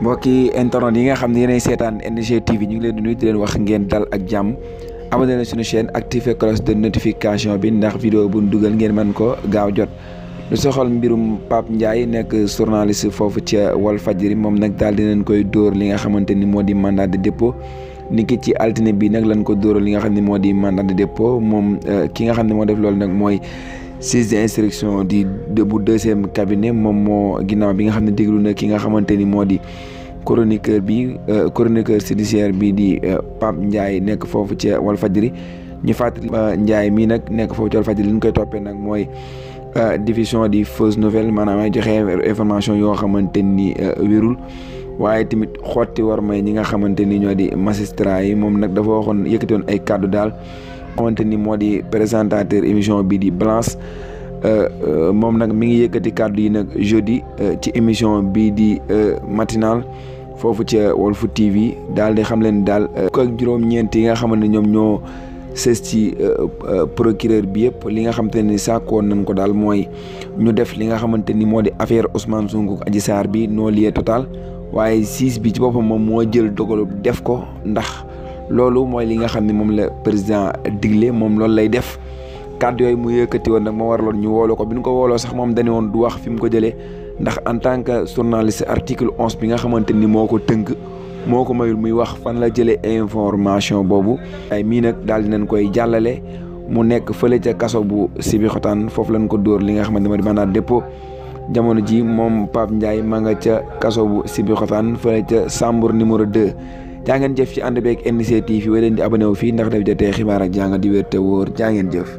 mbokki internet yi nga xam ne yéenay seetaan NG TV ñu ngi leen di nuyu leen wax ngeen dal ak jàmm abonné leen suñu chaîne activé cloche de notification bi ndax vidéo bu ñu dugal ngeen man ko gaaw jot lu soxal mbirum Pape Ndiaye nekk journaliste foofu ca Walfadjri moom nag daal dinañ koy dóor li nga xamante ni moo di mandat de dépôt niki ci altine bi nag lañ ko dóoral li nga xam ni moo di mandat de dépôt moom euh, ki nga xam ne moo def loolu nag mooy juge d'instruction di bu deuxième cabinet moom moo ginnaaw bi nga xam ne déglu na ki nga xamante ni moo di chroniqueur bi euh, chroniqueur judiciaire bi di euh, Pape Ndiaye nekk foofu ci Walfadjri ñu fàttali Ndiaye mii nag nekk foofu ci Walfadjri li ñu koy toppee nag mooy euh, diffusion di fausse nouvelle maanaam ay joxe information yoo xamante ni wérul waaye tamit xotti war may ñi nga xamante ni ñoo di magistrat yi moom nag dafa waxoon yëkkatoon ay kàddu daal xamante ni moo di présentateur émission bi di Balance euh, euh, moom nag mi ngi yëkkati kàddu yi nag jeudi euh, ci émission bii di matinal foofu ci Walf TV daal di xam leen daal fukk ak juróom-ñeent yi nga xamante ne ñoom ñoo sës ci procureur bi yëpp li nga xamante ni sàkkoon nañ ko daal mooy ñu def li nga xamante ni moo di affaire Ousmane Sonko ak Adji bi non lié total waaye siis bi ci boppam moom moo jël dogalu def ko ndax loolu mooy li nga xam ne moom la président digle moom loolu lay def kàddu yooyu mu yëkkati woon nag moo waraloon ñu wooloo ko bi ñu ko wooloo sax moom dañu woon du wax fi mu ko jëlee ndax en tant que journaliste article onze bi nga xamante ni moo ko tënk moo ko mayul muy wax fan la jëlee information boobu. ay mii nag daal dinañ koy jàllale mu nekk fële ca kaso bu si Sébikotane foofu la lañ ko dóor li nga xamante ne moo di maanaam dépôt jamono ji moom Pape Ndiaye ma nga ca kaso bu Sébikotane fële ca Sambour numéro 2. jaa jëf ci ànd beeg NGTV fi leen di abonné wu fii ndax daf jotee xibaar ak jàngat di wér woor jaangeen jaa jëf.